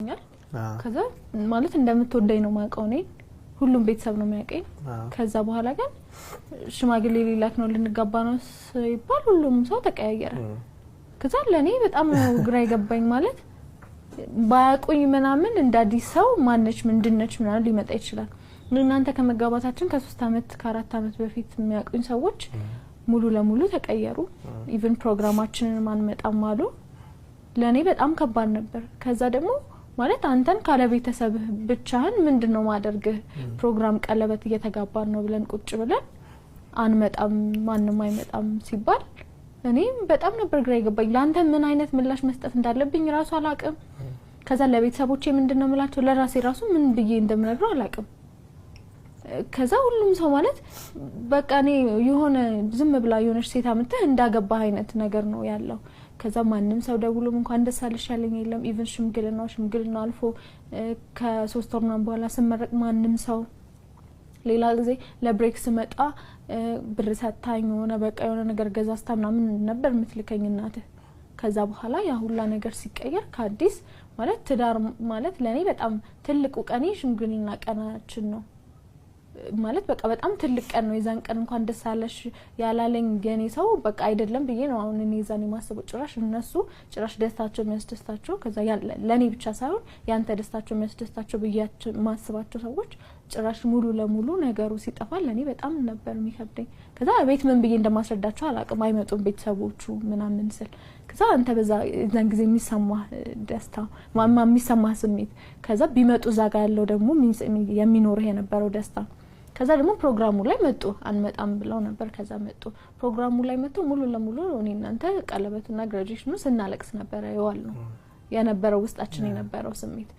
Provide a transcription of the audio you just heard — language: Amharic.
ይገኛል ከዛ ማለት እንደምትወደኝ ነው ማውቀው። እኔ ሁሉም ቤተሰብ ነው የሚያውቀኝ። ከዛ በኋላ ግን ሽማግሌ ሊላክ ነው ልንጋባ ነው ሲባል ሁሉም ሰው ተቀያየረ። ከዛ ለእኔ በጣም ግራ የገባኝ ማለት ባያቁኝ ምናምን እንደ አዲስ ሰው ማነች ምንድነች ምናምን ሊመጣ ይችላል። እናንተ ከመጋባታችን ከሶስት አመት ከአራት አመት በፊት የሚያውቁኝ ሰዎች ሙሉ ለሙሉ ተቀየሩ። ኢቨን ፕሮግራማችንን ማንመጣም አሉ። ለእኔ በጣም ከባድ ነበር። ከዛ ደግሞ ማለት አንተን ካለ ቤተሰብህ ብቻህን ምንድን ነው ማደርግህ? ፕሮግራም ቀለበት እየተጋባን ነው ብለን ቁጭ ብለን አንመጣም፣ ማንም አይመጣም ሲባል እኔም በጣም ነበር ግራ የገባኝ። ለአንተ ምን አይነት ምላሽ መስጠት እንዳለብኝ ራሱ አላቅም። ከዛ ለቤተሰቦቼ ምንድን ነው ምላቸው፣ ለራሴ ራሱ ምን ብዬ እንደምነግረው አላቅም። ከዛ ሁሉም ሰው ማለት በቃ እኔ የሆነ ዝም ብላ የሆነች ሴት አምጥተህ እንዳገባህ አይነት ነገር ነው ያለው። ከዛ ማንም ሰው ደውሎም እንኳን ደስ አለሽ ያለኝ የለም። ኢቨን ሽምግልና ሽምግልና አልፎ ከሶስት ወር ምናምን በኋላ ስመረቅ ማንም ሰው ሌላ ጊዜ ለብሬክ ስመጣ ብር ሰታኝ የሆነ በቃ የሆነ ነገር ገዛስታ ምናምን ነበር ምትልከኝ እናትህ። ከዛ በኋላ ያ ሁላ ነገር ሲቀየር ከአዲስ ማለት ትዳር ማለት ለእኔ በጣም ትልቁ ቀኔ ሽምግልና ቀናችን ነው። ማለት በቃ በጣም ትልቅ ቀን ነው። የዛን ቀን እንኳን ደስ አለሽ ያላለኝ የኔ ሰው በቃ አይደለም ብዬ ነው አሁን እኔ ዛን የማስበው። ጭራሽ እነሱ ጭራሽ ደስታቸው የሚያስደስታቸው ከዛ ለእኔ ብቻ ሳይሆን ያንተ ደስታቸው የሚያስደስታቸው ብያቸው የማስባቸው ሰዎች ጭራሽ ሙሉ ለሙሉ ነገሩ ሲጠፋ ለእኔ በጣም ነበር የሚከብደኝ። ከዛ ቤት ምን ብዬ እንደማስረዳቸው አላቅም። አይመጡም ቤተሰቦቹ ምናምን ስል ከዛ አንተ በዛ ዛን ጊዜ የሚሰማ ደስታ የሚሰማ ስሜት ከዛ ቢመጡ እዛ ጋር ያለው ደግሞ የሚኖርህ የነበረው ደስታ ከዛ ደግሞ ፕሮግራሙ ላይ መጡ። አንመጣም ብለው ነበር። ከዛ መጡ። ፕሮግራሙ ላይ መጡ። ሙሉ ለሙሉ እኔ እናንተ ቀለበቱና ግራጁዌሽኑ ስናለቅስ ነበረ የዋል ነው የነበረው ውስጣችን የነበረው ስሜት